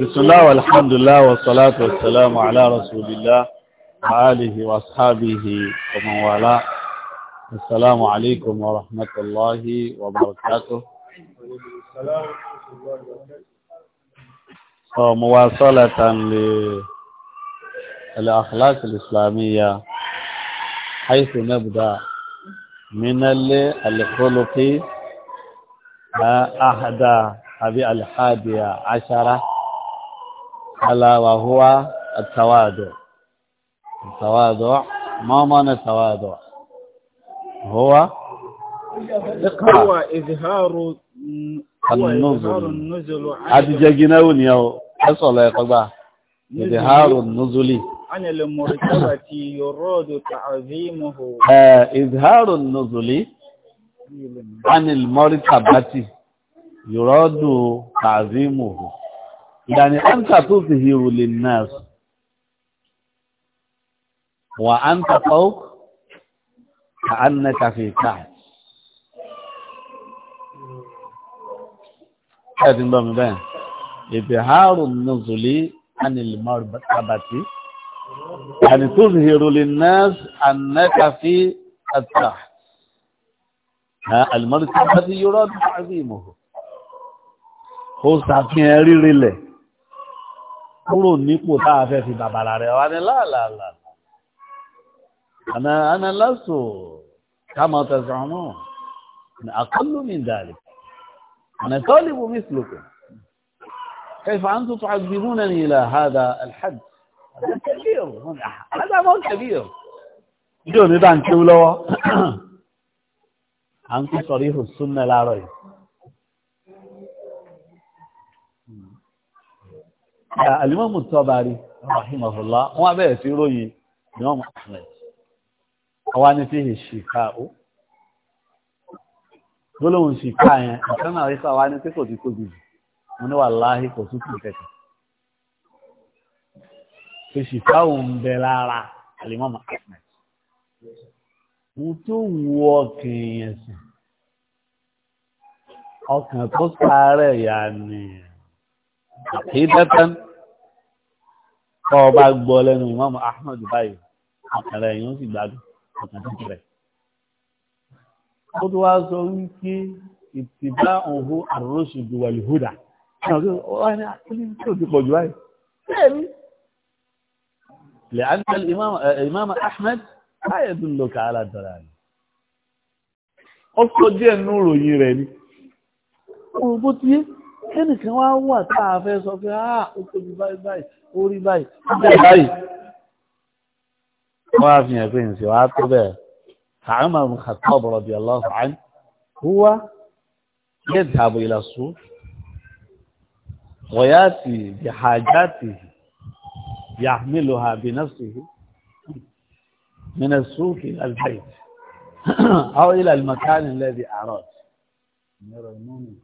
بسم الله والحمد لله والصلاة والسلام على رسول الله وآله وأصحابه ومن والاه السلام عليكم ورحمة الله وبركاته مواصلة للأخلاق الإسلامية حيث نبدأ من الخلق أحدى أبي الحادية عشرة ألا وهو التواضع التواضع ما معنى التواضع هو هو إظهار النزل هذه جاكيناون يا حصل يا قضاء إظهار النزل عن المرتبة يراد تعظيمه آه، إظهار النزل عن المرتبة يراد تعظيمه يعني أنت تظهر للناس وأنت فوق كأنك في تحت هذه بقى إبهار النزل عن المرتبة يعني تظهر للناس أنك في التحت المرتبة يراد تعظيمه ó ṣàfihàn rírí lẹ̀ kúrò nípò tá a fẹ́ fi bàbàrà rẹ̀ wá ní láàlàlà àná lásò káàmà tẹ̀sán náà ní àkọlù mi dàrí àná tọ́lì bù mí sílùkù كيف أنتم تعذبونني إلى هذا الحد هذا كبير هذا مو كبير جوني بان كيولوا أنتم صريح السنة لا ريب alimọ́mù tọ́bari rahimahullah wọ́n abẹ́rẹ̀ sí ròyìn imọ́mù ahmed ọwá ní fi hì ṣìkà ó gbólóhùn ṣìkà yẹn ìtọ́nà àríkà wá ní tí kò ti tóbi jù wọ́n ní wàláhì kò tún kù kẹ̀kẹ́ fi ṣìkà ó ń bẹ lára alimọ́mù ahmed mo tó wù ọkàn yẹn sùn ọkàn tó sáré yà nìyẹn àkídẹ́tẹ́n kọ́ ọ bá gbọ́ lẹ́nu ìmọ̀mù Ahmed báyìí àkàrà ẹ̀yìn ó sì gbádùn ọ̀kan tó rẹ̀. ó tún wáá sọ wípé ìtìbá òhun àròṣù ìdùwàlìhùdà لأن الإمام الإمام أحمد لا يدلك على الضلال ó sọ díẹ̀ nínú ìròyìn rẹ̀ ni. Ó bó ti yé ẹni kan wá wà tá a fẹ́ sọ pé ah ó bí báyìí báyìí ó rí báyìí ó báyìí. wọ́n á fi hàn pé ǹsẹ̀ wàá tó bẹ́ẹ̀ àmà Khattab radiyallahu anhu huwa yadhhabu ila suq وياتي بحاجاته يحملها بنفسه من السوق إلى البيت أو إلى المكان الذي أراد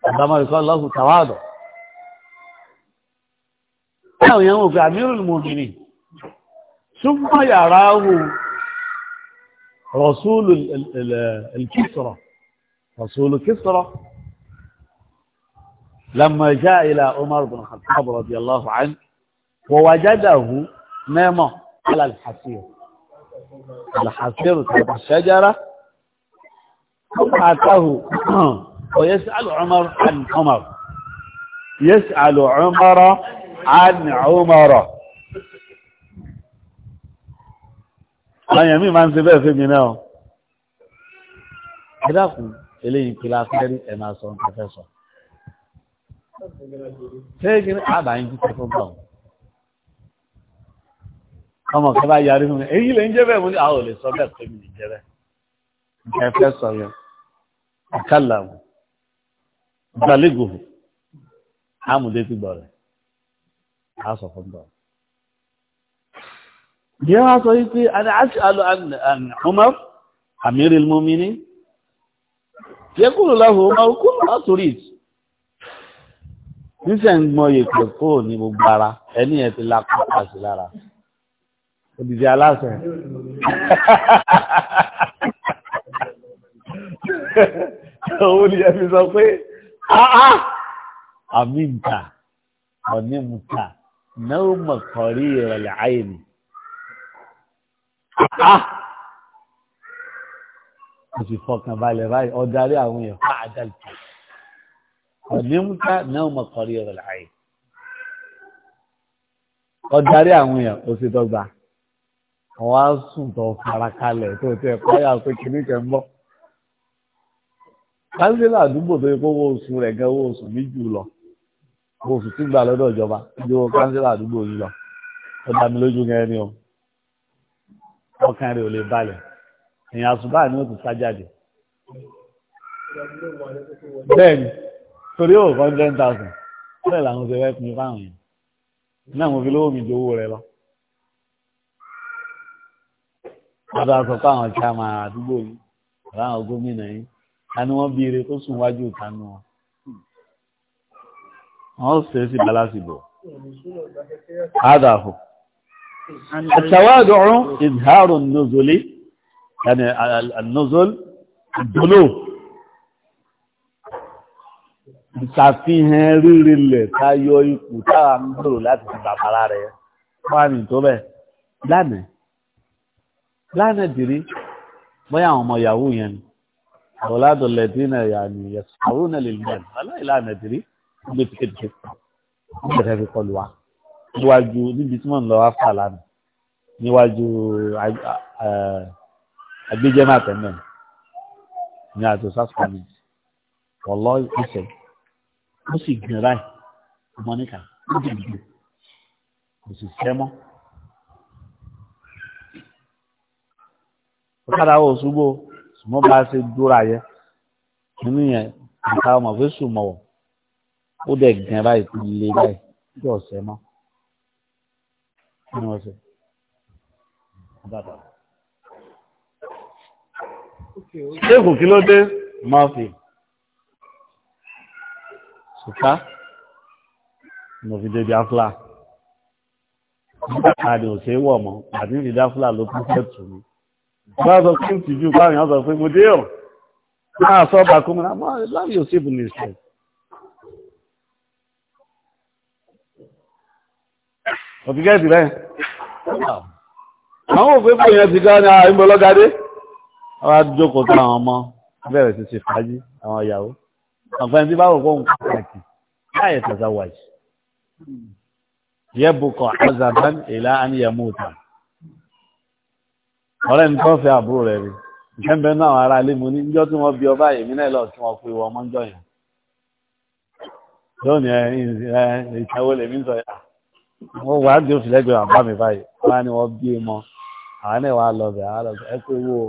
عندما يقال له تواضع أو يوم في أمير المؤمنين ثم يراه رسول الكسرى رسول الكسرة لما جاء إلى عمر بن الخطاب رضي الله عنه ووجده نام على الحصير الحصير تحت الشجرة فأتاه ويسأل عمر عن عمر يسأل عمر عن عمر àwọn èèyàn míì máa ń ṣe bẹ́ẹ̀ fèmì náà ẹ dákun eléyìí kìlá fẹ́rí ẹ̀ máa sọ nǹkan fẹ́ sọ ṣéèkì ní àbáyé jíjẹ fún bọ̀ ọmọ kan yarí fún mi èyí lè ń jẹ́ bẹ́ẹ̀ mú ní àwọn ò sọ bẹ́ẹ̀ fèmì nìjẹ́ bẹ́ẹ̀ fẹ́ sọ yẹn ọ̀kálà balẹ̀gò amúdé ti gbọ́ rẹ̀ á sọ fún bọ́. Yẹ́ wá sọ wípé àti aṣáàlù Umar Amiril Mumini yẹ kúrò láhùn Umar kúrò látòrìt. Níṣẹ́ ń gbọ́n yèkè kó ní gbogbo ara ẹni ẹ̀ ti la pápá sí lára. Òdìdí aláṣẹ. Òun ni ẹ fi sọ pé àmìǹta ọ̀nìmùta náà mọ̀kànrí ìrọ̀lẹ̀ àìní. mo sì fọkàn balẹ̀ báyìí ọ̀darí àwọn èèyàn fún àdàlùkù ọ̀nìmùta náà mọ̀kànrí ìrọ̀lẹ̀ àìní. ọ̀darí àwọn èèyàn ó sì dọ́gba wọ́n á sùn tó fara kalẹ̀ tó tẹ̀ kọ́yà pé kìnnìkan ń kánsílà àdúgbò tó yẹ kó owó oṣù rẹ̀ gan owó oṣù mi jù lọ owó oṣù tí gbà lọ́dọ̀ ìjọba ju owó kánsílà àdúgbò yìí lọ ó mi lójú gan ni o ọkàn rẹ̀ ò lè balẹ̀ èèyàn àṣùbà ni ó ti sá jáde bẹ́ẹ̀ni torí ó kọ́ ten thousand bẹ́ẹ̀ làwọn ṣe fẹ́ pin fáwọn yẹn náà mo fi lówó mi ju owó lọ. wọ́n bá fáwọn ọ̀chá máa àdúgbò yìí àwọn gómìnà yìí ta ni wọ́n bíire tó sùn wájú ìtanú wọn wọ́n ṣe sí balásìbò adáhù àtàwádùn ìdárùn nùzọlé yàní nùzọl ìdólò ìṣàfihàn rírilẹ̀ tayọ ipò tára ń gbèrò láti ti bàbára rẹ̀ wọ́n ní tó bẹ́ẹ̀ lánàá lánàá dìrí bóyá àwọn ọmọ yahoo yẹn ni أولاد الذين يعني يسعون للمال فلا لا ندري بتكتب bẹ̀rẹ̀ fi kọlu wa níwájú níbi tí mò ń lọ áfà lánàá níwájú agbẹjẹmọ àtẹnudẹ ní àjọ sásùkò méjì ọlọ ìṣẹ ó sì gbìn ráì mọníkà ó sì gbìn kò sì sẹ mọ. ọ̀kadà wo ṣubú o mo bá ṣe dúra yẹ nínú yẹn nǹkan ọmọ fún sùnmọ wọ ó dẹ gan báyìí kò lè báyìí kí ọ̀sẹ̀ mọ́ nínú ọ̀sẹ̀ dáadáa. ṣéèkù kí ló dé mọ́fì ṣùkà mo fi débi afla nígbà tí a ò ṣe é wọ̀ mọ́ àti ní ìdáfúlà ló kún fẹ́ tù mí bá sọ pé ń tìjú báyìí wọ́n sọ pé mo dé ọ̀ máa sọ bá kó múra máa láàrin yóò sí ìbùnú ìṣẹ́ ọ̀tígẹ́ẹ̀tì rẹ̀ àwọn òfin fún ìyẹn ti gáà ní àwọn ah, ìmọ̀lọ́gádé àwọn adókòó tó àwọn ọmọ bẹ̀rẹ̀ sí ṣe fàájì àwọn ìyàwó àǹfààní tí bá wò fóun pàtàkì láyé tàzá wáyé yẹ́bùkọ̀ àzàbán ìlà àníyàmú ìtàn ọ̀rẹ́ ní tó fẹ́ àbúrò rẹ̀ rí ìkẹ́ńbẹ́ náà ara ilé mo ní níjọ́ tí wọ́n bí ọba èmi náà lọ kí wọ́n pe wọ́n ọmọ ńjọ yẹn lónìí ẹ ìṣẹ́wó lèmi ń sọ yà wọ́n wà á di oṣù lẹ́gbẹ̀ẹ́ àbá mi báyìí wọ́n á ní wọ́n bí mọ́ àwọn náà wà lọ bẹ̀ àwọn lọ bẹ̀ ẹ pé wo.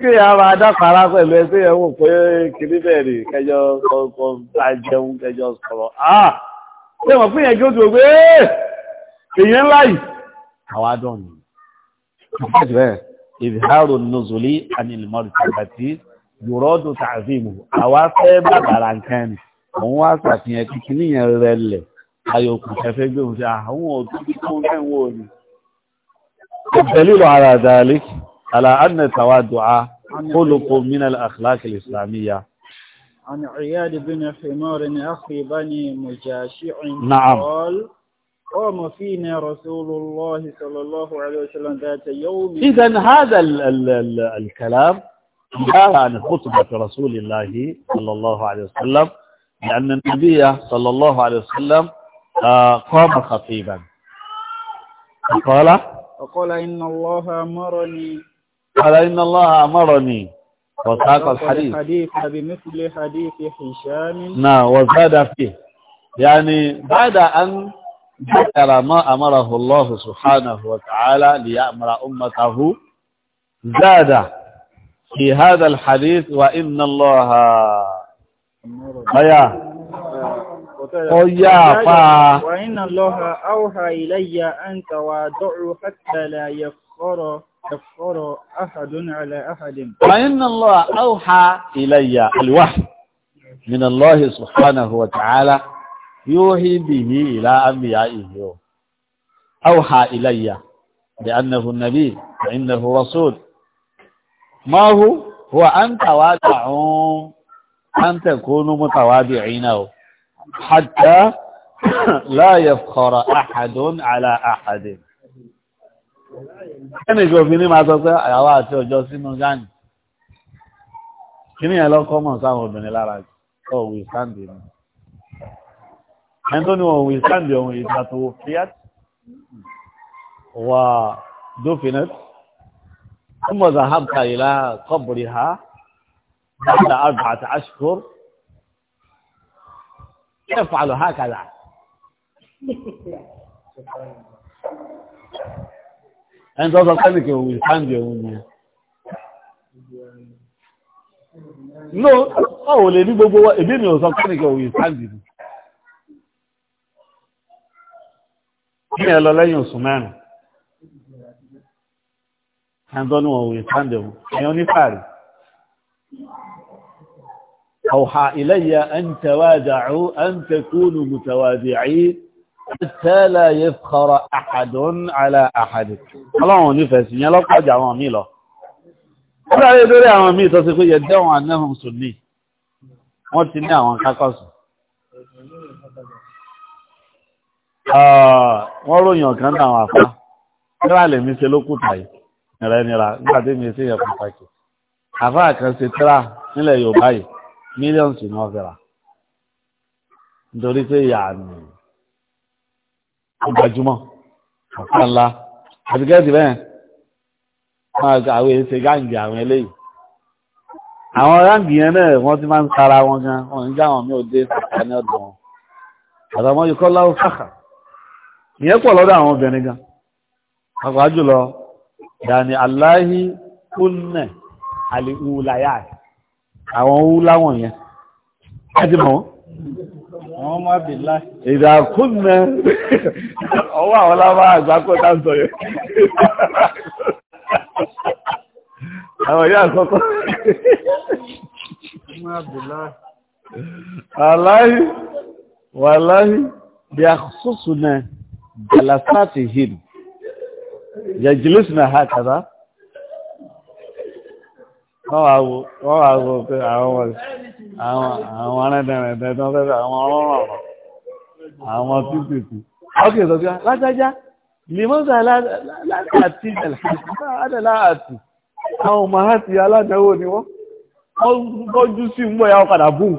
kí ẹ máa dákàrá pẹ̀lú ẹgbẹ́ yẹn wò pé kìíní bẹ́ẹ̀ ni kẹjọ kọ̀ọ̀kan bá kẹjọ sọ̀rọ̀ ah ṣé wọ́n fún yẹn kí ó dùn pé èèyàn ńlá yìí àwa dùn ni. bẹ́ẹ̀ bẹ́ẹ̀ ìbíhárò nùzùlí anilmọ́rì tàbátì yòròdù tààzìmù àwa fẹ́ bàbàrà nǹkan ni òun wá ṣàfihàn kíkí níyẹn rẹ̀ lẹ̀ ayọ̀kùn kẹfẹ́ gbé òun ṣe àwọn òtún tó ń fẹ́ wọ̀ ni. الدليل على ذلك على أن التوادع خلق من الأخلاق الإسلامية عن عياد بن حمار أخي بني مجاشع نعم قال قام فينا رسول الله صلى الله عليه وسلم ذات يوم إذا هذا الـ الـ الـ الكلام جاء عن خطبة رسول الله صلى الله عليه وسلم لأن النبي صلى الله عليه وسلم آه، قام خطيبا قال وقال إن الله أمرني قال إن الله أمرني وساق الحديث الحديث بمثل حديث هشام نعم وزاد فيه يعني بعد أن ذكر ما أمره الله سبحانه وتعالى ليأمر أمته زاد في هذا الحديث وإن الله أمرني يا وإن الله أوحى إلي أن تواضعوا حتى لا يفقر يفقر أحد على أحد وإن الله أوحى إلي الوحي من الله سبحانه وتعالى يوحي به إلى أنبيائه أوحى إلي لأنه النبي وإنه رسول ما هو هو أن توادعوا أن تكونوا متواضعين حتى لا يفخر أحد على أحد كني جو فيني ما تصدق يا واه تيو جو سينو جان كني ألو كومان سامو بني لارج أو ويساندي أنتوني أو ويساندي أو يساتو فيات و دوفينت ثم ذهبت إلى قبرها بعد أربعة أشهر يفعل هكذا أنت أصلا قلبك ويسحان جاوني no báwo lè ní gbogbo wa èdè ni ọ̀sán kọ́nìkẹ́ òye sáàdì ni ní ẹ lọ lẹ́yìn oṣù mẹ́rin ẹ̀ńtọ́ ni wọ́n òye sáàdì ẹ̀wọ̀n ẹ̀yàn onífààrí أوحى إلي أن توادعوا أن تكونوا متوادعين حتى لا يفخر أحد على أحد الله نفسي يلقى جعوان ميلا ọ̀rọ̀ ìdórí àwọn míì tó ti pé yẹ dẹ́wọ̀n anáhùn sùnì wọ́n ti ní àwọn kákọ́sù wọ́n ròyìn ọ̀kan náà àwọn àfá níra lè mi ṣe lókùtà yìí nìra nìra nígbàtí mi ṣe yẹ pàtàkì àfá kan ṣe tíra nílẹ̀ Yorùbá yìí mílíọ̀nù sì ni nítorí pé ìyá àmì ọ̀pá ńlá àtìkẹ́tì bẹ́ẹ̀ máa ga àwọn gáǹgì àwọn eléyìí àwọn gáǹgì yẹn náà wọ́n ti máa ń sara wọn gan wọn ń já àwọn ò dé sàkà ní ọ̀dọ̀ wọn àtàwọn ikọ́ láwọ́ sàkà ìyẹn pọ̀ lọ́dọ̀ àwọn obìnrin gan pàpà jùlọ yàní aláhi kúnnẹ̀ àlìkúlayáì àwọn owó láwọn yẹn láti mọ̀ wọ́n má bè láì ìdàkúnnẹ́ ọwọ́ àwọn lábá àgbákọ́ dáńtọ̀ yẹn àwọn ìyá àkọ́kọ́ aláì wàláì bí àkọ́sùsù náà jẹ́lá sáàtì hìn yẹ̀jìlẹ́sì náà hàkàdá wọ́n wá wo wọ́n wá wo pé àwọn àwọn àwọn arẹ́dẹ̀rẹ̀dẹ̀ tó ń fẹ́ àwọn ọlọ́rọ̀ àwọn títìtì ọkè ìsọ̀kí lájájá lèmọ́sà láti àti àwọn ọmọ àti aládẹ́wò ni wọ́n gọ́jú sí mọ́ ya ọkàdà bùn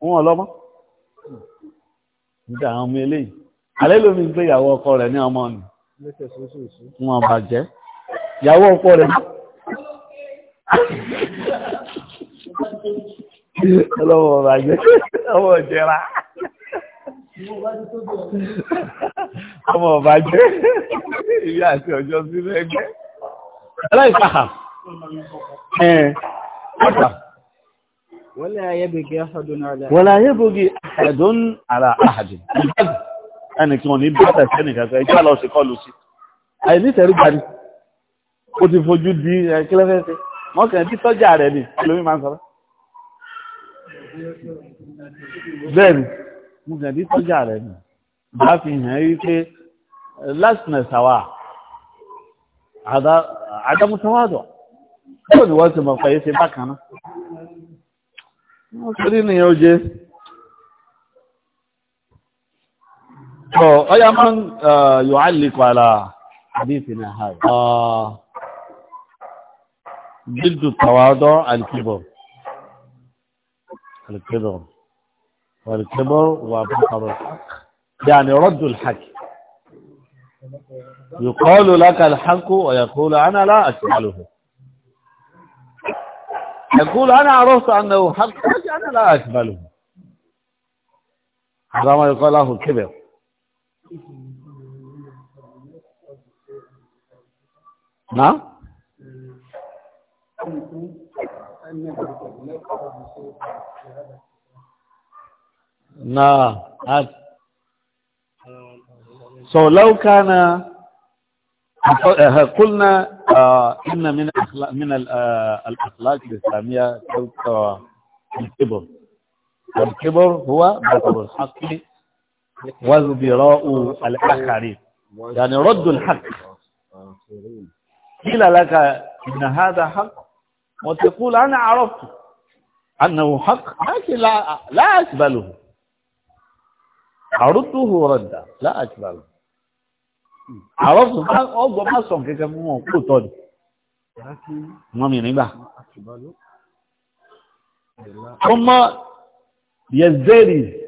wọn ọlọ́mọ́ nígbà àwọn ọmọ eléyìí alẹ́ lómi gbé ìyàwó ọkọ rẹ̀ ní ọmọ ni wọ́n bàjẹ́ ìyàwó ọkọ rẹ̀ náà ọlọ́wọ́ ọba jẹ́ ọmọ ìjẹra ọmọ ọba jẹ́ ìrí àti ọjọ́ sí lẹ́gbẹ́ aláìsáhà ọ̀tà wọ́n lè ayébògì àhàdùn àrà àhàdùn ẹni kí wọ́n ní bàtà sẹ́nìkàkọ́ ìjọ́ lọ sí kọlù sí àìní tẹ̀rí gbani ó ti fojú di ẹ̀kílẹ́fẹ́fẹ́ wọ́n kàn bí sọ́jà rẹ̀ ni ẹlòmí máa ń sọ bẹ́ẹ̀ni mo kàn bí rẹ̀ ni bá fi hàn yí pé lásìnà sàwà àdámúsánwádọ̀ tó ní wọ́n ti mọ̀ pẹ̀lú ṣe bákan náà wọ́n sọ nínú ìyẹn oje ọ̀yá máa ń yọ̀ á lè kọ́ àdífin náà جلد التواضع الكبر الكبر والكبر وفقر الحق يعني رد الحق يقال لك الحق ويقول أنا لا أكمله يقول أنا عرفت أنه حق أنا لا أكمله هذا ما يقال له كبر نعم نعم so لو كان قلنا آه، إن من الاخلاق من آه، الأخلاق الإسلامية آه، الكبر والكبر هو بطل الحق وازدراء الآخرين يعني رد الحق قيل لك إن هذا حق وتقول أنا عرفت أنه حق لكن لا, لا أقبله عرضته ردا لا أقبله عرفت أقوى ما صنع كيف قلت لي ما من إباه ثم يزدري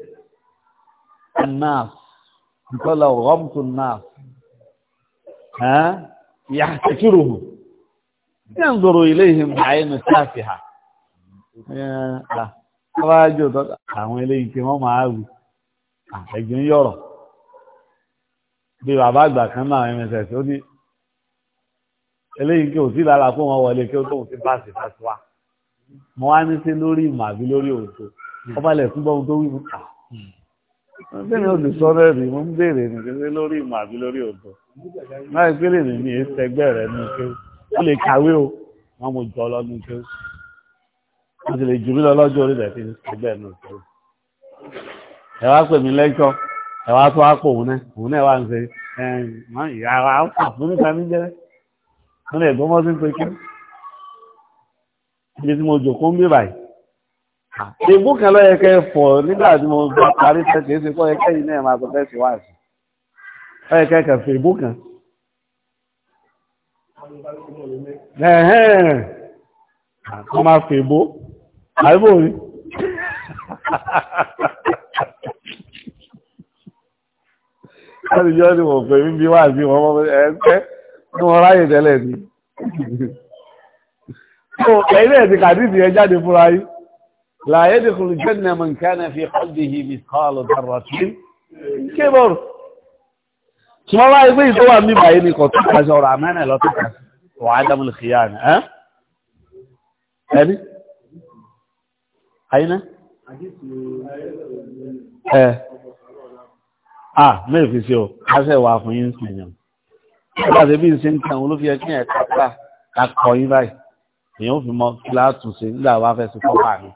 الناس يقول غمت الناس ها يحتكرهم yanzuru ilayhim àyẹnu sáfìhà ọbaájú ọ̀tọ́ àwọn eléyìí tí wọ́n máa wù ẹ̀gbìn yọ̀rọ̀ bí bàbá àgbà kan náà mss ó ní eléyìí kí o sí lára fún wọn wọlé kí o tóun ti báàsì fásitì wa mo wá ní sí lórí ìmọ̀ àbí lórí òótọ́ ọba lẹ̀ fún bọ́ọ̀n tó wí mú ta bẹ́ẹ̀ ni o lè sọ rẹ̀ rí mo ń béèrè nìkan lórí ìmọ̀ àbí lórí òótọ́ láì pélé mi ní ẹsẹ̀ gbẹ̀rẹ̀ ní kéwù ó lè kàwé o wọ́n mú jọ lọ́dún tó wọ́n ti lè jù mí lọ lọ́jọ́ orí fi ẹgbẹ́ náà tó ẹ wá pè mí lẹ́jọ́ ẹ wá tó wá pò òun náà òun náà wà ń ṣe ẹ mọ ìyá wa ó fà fún níta ní jẹrẹ wọ́n lè gbọ́mọ́ sí pé kí ibi tí mo jòkó ń bí báyìí ìbú kan lọ́yẹ kẹ́ fọ̀ nígbà tí mo bá parí tẹ́tì é ṣe kọ́ yẹ kẹ́yìn náà máa sọ fẹ́ sí wáàsì lọ́yẹ kẹ́ fẹ́ ìbú kan ẹ̀hẹ́n wọ́n máa fi ìbò àìbò rí láti jọ́ ni wọ́n pẹ̀lú bí wà sí wọ́n ẹgbẹ́ ní wọ́n ráyè tẹ́lẹ̀ ní ẹ̀yìn ẹ̀sì kàdídì ẹ jáde fúnra yìí láyé dìkùn jẹ́ nẹ̀mọ̀ nǹkan tí wọ́n wáyé pé ìtọ́wà mí báyé ní kọ̀tún kàṣẹ ọ̀rọ̀ àmẹ́rẹ̀ lọ́tọ́kà wà á dámúlù kìíyà ní ẹ́ ẹni àyínà ẹ̀ à mẹ́fì sí o kàṣẹ wà fún yín sí ẹ̀yàn nígbà tí bí n ṣe ń kàn olófi ẹkí ẹ̀ kápá kakọ yín báyìí èèyàn ò fi mọ kíláàtù sí nígbà wàá fẹ́ sí kọ́pà mi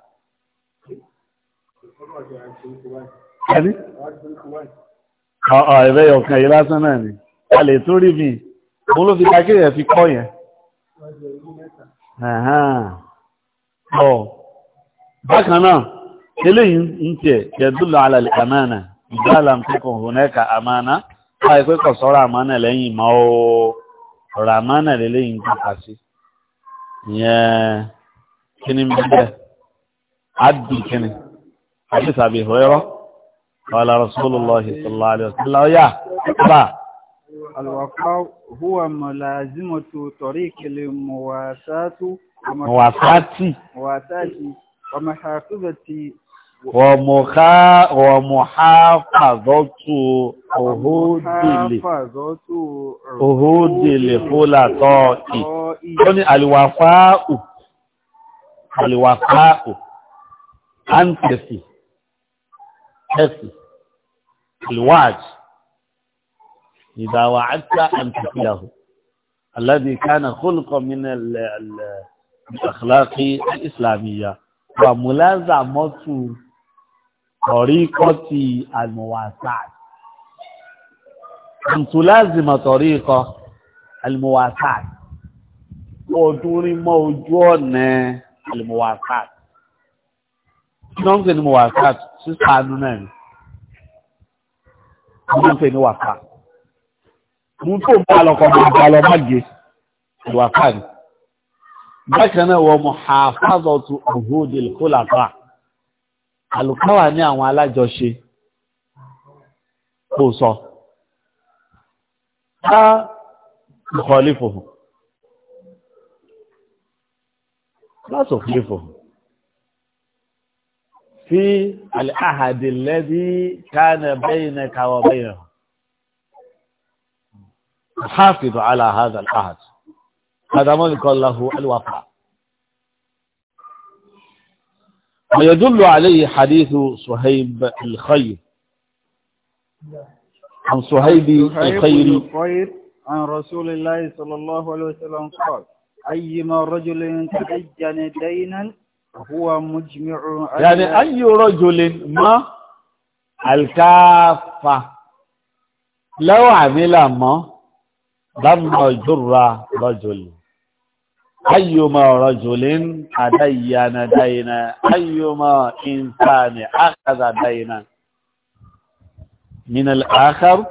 ọ̀ọ̀ ẹ̀rẹ́ ọ̀kan yìí lásán náà ni a lè tó rí mi mo ló fi takí rẹ̀ fi kọ́ yẹn ọ̀ bákan náà eléyìí ń tiẹ̀ yẹ̀dúlọ̀ alàlẹ̀ àmàna ìgbàlà mpẹ́kùn hùnẹ́ka àmàna láì pé kọ̀ sọ́rọ̀ àmàna lẹ́yìn mọ́ sàbí ìhọ́ ẹ̀rọ. قال رسول الله صلى الله عليه وسلم يا أبا الوقاء هو ملازمة طريق المواساة مواساتي مواساتي ومحافظة ومخا ومحافظة أهود أهود لخلطاء يعني الوفاء الوفاء أنتسي ẹ̀sì alwaj ìdáwà àtà àmtìkìyàwó aládì kánà kólùkọ́ min al-akhlaqi al-islamiyya wà múláza mọ́tù طريقة المواسعة أن تلازم طريقة المواسعة ودور موجود المواسعة kí wọ́n ń pè ní wàkàt sísá àánú náà ni wọ́n ń pè ní wàkà mú tó bá lọ́kọ̀ máa bá lọ má gé wàkà ni bákan náà wọ́n mọ̀ àfáàzọ̀tù òhúdì kólàfà àlùkáwà ní àwọn alájọṣe kò sọ ká ìkọ̀lífò lásòfìlífò. في العهد الذي كان بينك وبينه حافظ على هذا العهد هذا ملك يقال له الوفاء ويدل عليه حديث صهيب الخير عن صهيب الخير عن رسول الله صلى الله عليه وسلم قال أيما رجل تدين دينا huwa mujmi'un yani ayyu rajulin ma alkafa law amila ma damma jurra rajul ayyuma rajulin adayyana dayna ayyuma insani akhadha dayna min al-akhar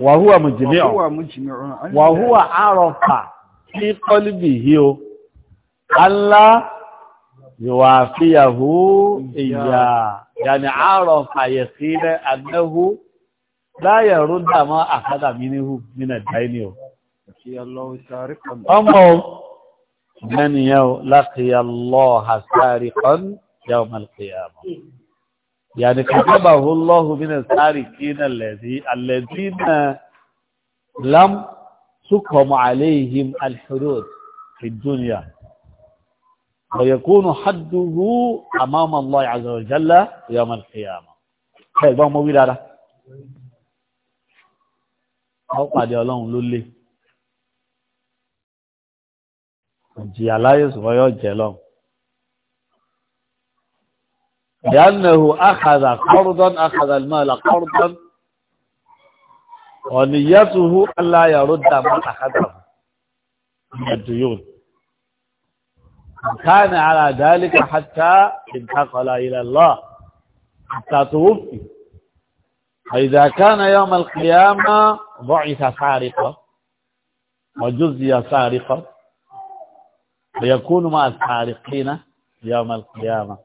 wa huwa mujmi'un wa huwa arafa fi Allah يوافيه إياه يعني عرف يقينا أنه لا يرد ما أخذ منه من الدين أما من لقي الله سارقا يوم القيامة يعني كتبه الله من السارقين الذي الذين لم تقم عليهم الحدود في الدنيا ويكون حده أمام الله عز وجل يوم القيامة ẹ gbọ́n mo wí dára ọ pàdé ọlọ́run ló lé ìjìyà láyé ṣùgbọ́n yóò jẹ lọ́run ìyánnẹ̀hù àkàdà kọ́rùdán àkàdà ìmọ̀lá kọ́rùdán ọ̀nìyẹ́tùhù aláyàró dàmọ́ àkàdà ẹ̀dùn yóò كان على ذلك حتى انتقل إلى الله حتى توفي فإذا كان يوم القيامة بعث سارقا وجزي سارقا ويكون مع السارقين يوم القيامة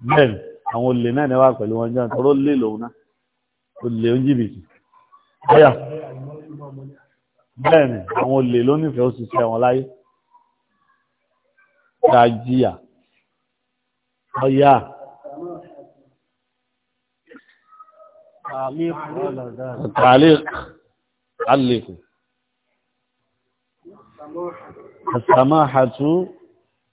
بل àwọn olè náà níwá pẹ̀lú wọn jẹ́ ọ̀tọ́rọ lè lòun náà olè ń jìbìtì ọ̀yà bẹ́ẹ̀ ni àwọn olè ló nífẹ̀ẹ́ òṣìṣẹ́ wọn láyé تاجيا هيا تعليق تعليق السماحة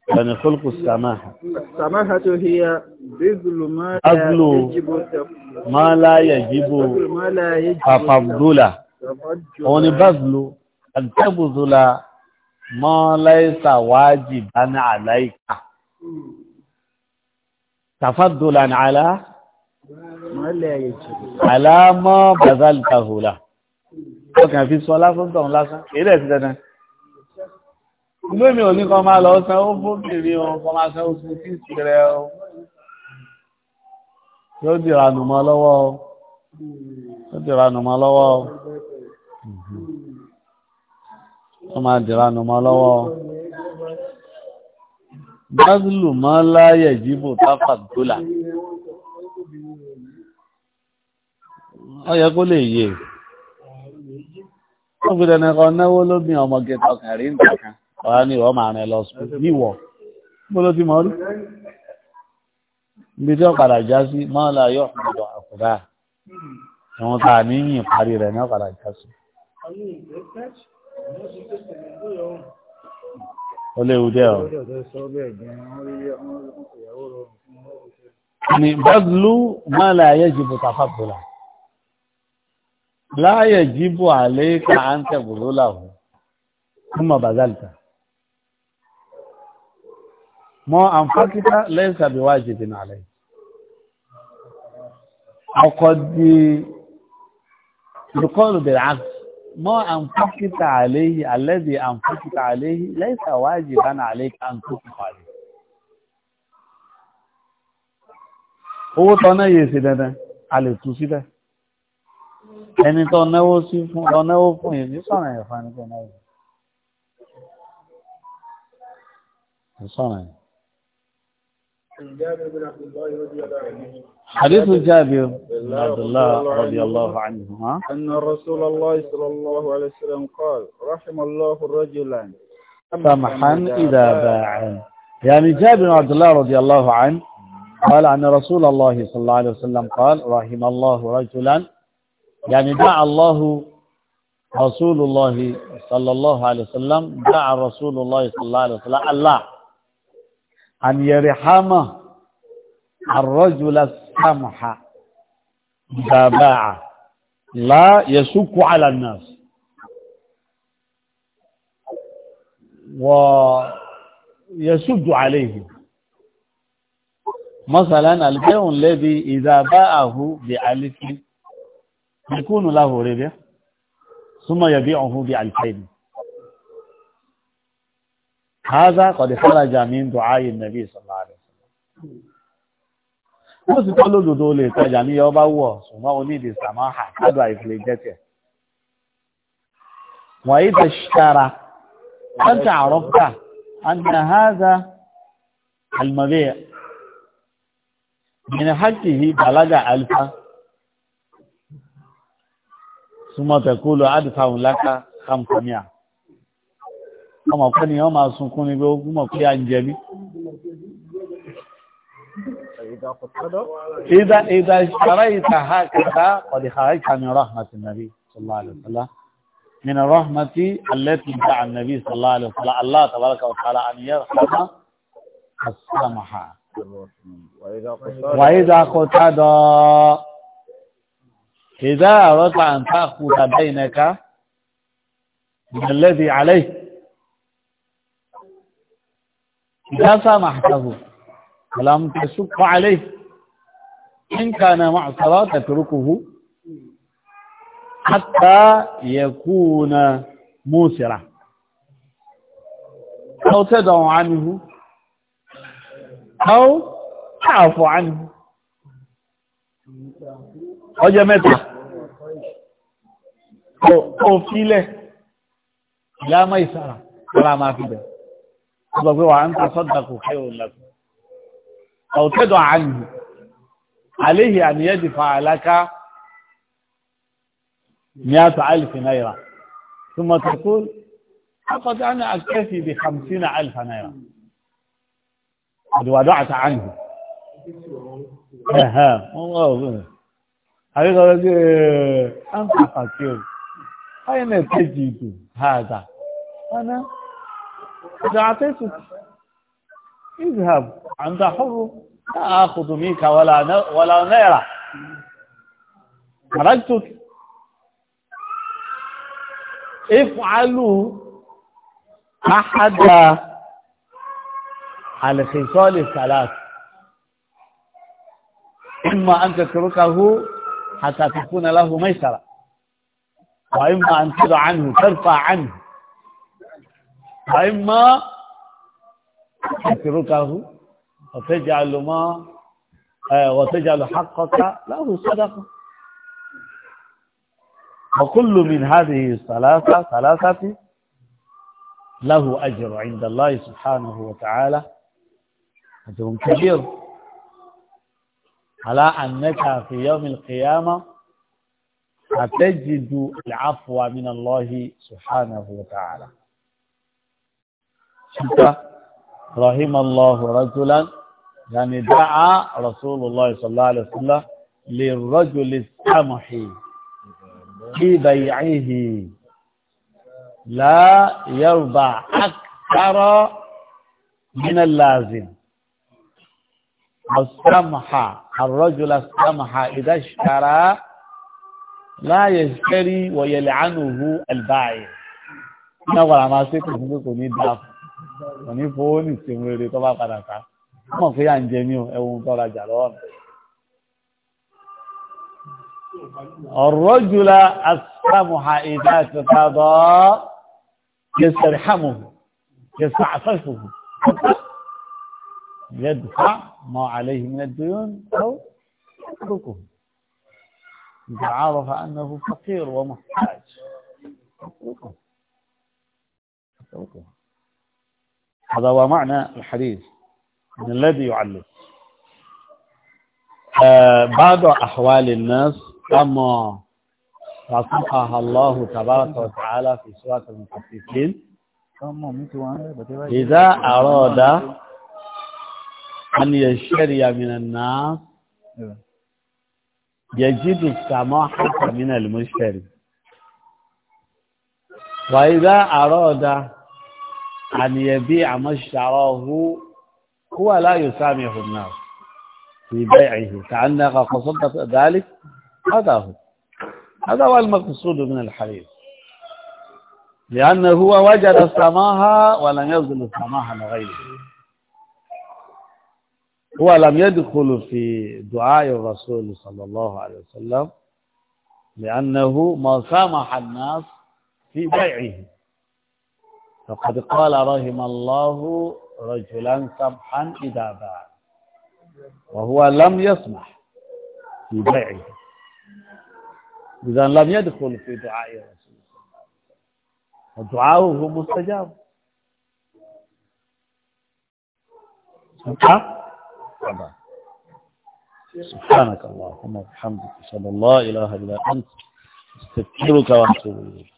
يعني خلق السماحة السماحة هي بذل ما لا يجب ما لا يجب تفضل هون بذل أن تبذل mọ́ láìsà wájì bá ní àláìkà tàfàdùlà ní àlá àlámọ́ bàzálìtàhùlà ọkàn fi sọ lásán tọ̀hún lásán ilẹ̀ ti dandan ìgbé mi ò ní kan máa lọ san ó fókèrè ohun kan máa san oṣù tí ìsì rẹ̀ o yóò dìranù mọ́ lọ́wọ́ o dìranù mọ́ lọ́wọ́ o tó máa dìranù mọ́ lọ́wọ́ bázìlù mọ́ láyẹ̀ jíbò táfà dólà ó yẹ kó lè yẹ ó fi dẹni kan náwó lóbi ọmọ gẹta kàrí nìkan ọ̀rá ní ìwọ́ máa rẹ lọ sí níwọ̀ bó ló ti mọ́ rí ibi tí ó padà já sí mọ́ọ́lá yóò fún àkùdá ẹ̀wọ̀n tá níyìn parí rẹ̀ ní ó já sí ó léwu díẹ̀ o. ni bọ́dùlù máa láàyè jìbù tàfàbùlà láàyè jìbù àléékà à ń tẹ̀ bùrú làwọn fún màbàzálìtà mọ́ àǹfàkítà lẹ́yìn sàbíwá jìbì nàlẹ́ ọkọ̀ di lùkọ́lù bẹ̀rẹ̀ àti. ما أنفقت عليه الذي أنفقت عليه ليس واجبا عليك náà àlékà àǹfàkìtà rẹ̀ owó tọ́nà yìí sí dandan a lè tú sílẹ̀ ẹni tó náwó sí fún ọ̀nàwó fún yìí ní sọ̀rọ̀ ẹ̀fà ní tó náwó sọ̀rọ̀ ẹ̀fà حديث جابر عبد الله رضي الله عنه. أن رسول الله صلى الله عليه وسلم قال رحم الله الرجل سمحا إذا باع يعني جابر عبد الله رضي الله عنه قال عن رسول الله صلى الله عليه وسلم قال رحم الله رجلا يعني دع الله رسول الله صلى الله عليه وسلم دع رسول الله صلى الله عليه وسلم الله an yarhama ar-rajula samha ìdàbáà la yasuku ala an-nas wa yasuddu alayhi مثلا البيع الذي إذا باعه بألف يكون له ربح ثم يبيعه بألفين هذا قد خرج من دعاء النبي صلى الله عليه وسلم wọ́n sì tọ́ lódòdó lè tọ́jà ní ọba wọ̀ ṣùgbọ́n onídìí sàmáhà kádùn àìfilẹ̀ jẹ́tẹ̀ wọ́n yí tẹ̀ṣára wọ́n tẹ̀ àrọ́pà àdìnàhàzà almọ́bíyà من حقه بلغ ألفا ثم تقول أدفع لك خمسمائة ọmọ pẹ́ ni wọ́n máa sunkún ní pé ó mọ̀ pé à ń jẹ mí. ìdá ìṣàrá ìta ha kẹta ọ̀dì ha ìka min rahmati nabi sallallahu alaihi wasallam min rahmati allati ta annabi sallallahu alaihi wasallam allah tabaraka wa ta'ala an yarhama as-samaha wa idha qatada idha arata an ta'khudha bainaka min alladhi alayk إذا سامحته فلم تشق عليه إن كان معصرة تتركه حتى يكون موسرا أو تدع عنه أو تعفو عنه ọjọ́ mẹ́ta kò fílẹ̀ ìyá mọ́ ìsára ọlá تضيعوا عنه تصدقوا خير لكم أو تدعوا عنه عليه أن يدفع لك مئة ألف نيرة ثم تقول حقد أنا أكتفي بخمسين ألف نيرة قد ودعت عنه أها والله أظن أنت فكير أين تجد هذا أنا إذا أعطيتك اذهب أنت حر لا أخذ منك ولا ولا نيرة خرجتك افعلوا أحد على خصال الثلاث إما أن تتركه حتى تكون له ميسرة وإما أن تدع عنه ترفع عنه فإما تتركه وتجعل ما آه، وتجعل حقك له صدقة وكل من هذه الثلاثة ثلاثة له أجر عند الله سبحانه وتعالى أجر كبير على أنك في يوم القيامة ستجد العفو من الله سبحانه وتعالى cuta rahimallahu rajulan yani da'a rasulullah sallallahu alaihi wasallam li rajuli samuhi fi bay'ihi la yarda akthara min al-lazim الرجل السمحة إذا اشترى لا يشتري ويلعنه البائع نقول عما سيكون هناك ندافع òní fowó ní ìsinmi rere tó bá padà ká mọ̀ pé à ń jẹ ní o ẹ̀wọ̀n tó rajà lọ́wọ́ mi. الرجل السمح إذا تتضى يسترحمه يستعففه يدفع ما عليه من الديون أو يتركه إذا عرف أنه فقير ومحتاج يتركه يتركه هذا هو معنى الحديث من الذي يعلم آه، بعض أحوال الناس كما رفقها الله تبارك وتعالى في سورة المحففين إذا أراد أن يشتري من الناس يجد السماحة من المشتري وإذا أراد أن يبيع ما اشتراه هو لا يسامح الناس في بيعه كأنك قصدت ذلك هذا هو هذا هو المقصود من الحديث لأنه هو وجد السماحة ولم يظل السماحة لغيره هو لم يدخل في دعاء الرسول صلى الله عليه وسلم لأنه ما سامح الناس في بيعه فقد قال رحم الله رجلا سمحا إذا باع وهو لم يسمح في بيعه إذا لم يدخل في دعاء رسول الله ودعاؤه مستجاب سبحانك اللهم وبحمدك اشهد ان لا اله الا انت استغفرك واتوب اليك